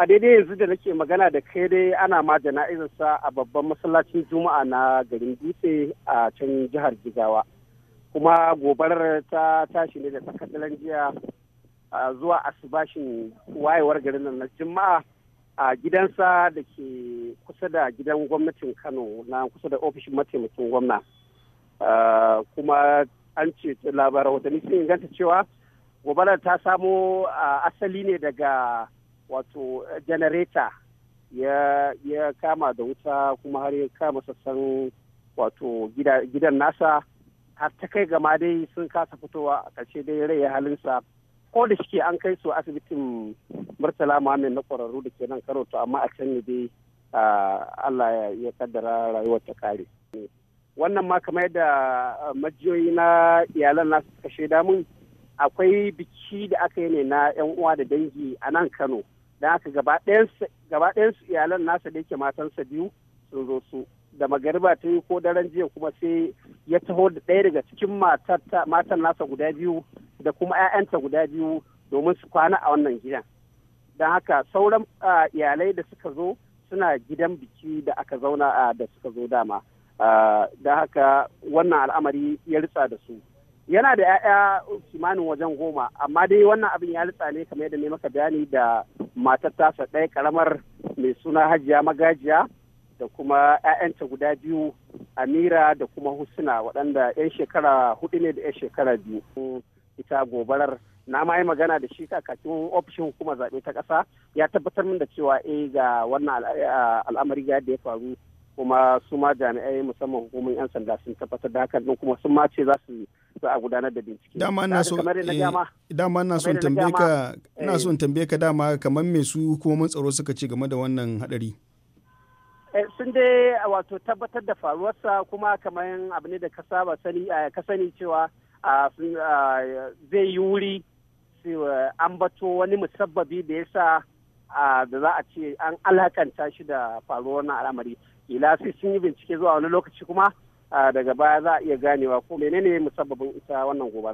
a daidai yanzu da nake magana da kai dai ana ma jana'izarsa a babban masallacin juma'a na garin dutse a can jihar jigawa kuma gobarar ta tashi ne da sakadalan jiya zuwa asibashin wayewar garin nan na juma'a a gidansa da ke kusa da gidan gwamnatin kano na kusa da ofishin mataimakin gwamna kuma an ce labarai watanni sun inganta cewa gobarar ta samo asali ne daga wato janareta eh, ya kama da wuta kuma har ya kama sassan wato gidan nasa har ta kai gama dai sun kasa fitowa a ƙarshe dai rai ya halinsa ko da shike an kai su asibitin murtala muhammed na kwararru da ke nan karo to amma a can ne dai allah ya kaddara rayuwar ta kare wannan ma kamar yadda eh, majiyoyi na iyalan nasu suka shaida mun akwai biki da aka yi ne na yan uwa da dangi a nan kano da haka gaba ɗayansu iyalan nasa da yake matansa biyu sun zo su da magariba ta yi ko daren jiya kuma sai ya taho da ɗaya daga cikin matan nasa guda biyu da kuma 'ya'yanta guda biyu domin su kwana a wannan gidan don haka sauran iyalai da suka zo suna gidan biki da aka zauna da suka zo dama don haka wannan al'amari ya ritsa da su yana da 'ya'ya kimanin wajen goma amma dai wannan abin ya ritsa ne kamar yadda ne maka bayani da matar tasa ɗaya karamar mai suna hajiya magajiya da kuma 'ya'yanta guda biyu amira da kuma husna waɗanda 'yan shekara hudu ne da 'yan shekara biyu ita gobarar na ma yi magana da shi kakakin ofishin hukumar zaɓe ta ƙasa ya tabbatar min da cewa eh ga wannan al'amari ga da ya faru kuma su ma jami'ai musamman hukumar 'yan sanda sun tabbatar da hakan kuma sun ma ce za su za a gudanar da bincike dama ina so eh, dama son eh. tambaye ka dama kamar mai su mun tsaro suka ce game da wannan hadari eh, sun dai wato tabbatar da faruwarsa kuma kamar abu ne da ka saba sani ka sani cewa ah, ah, zai yi wuri an bato wani musabbabi da ya sa ah, da za a ce an alakanta shi da faruwar na al'amari ila sai sun yi bincike zuwa wani lokaci kuma daga baya za a iya ganewa ko menene musabbabin ita wannan gobe.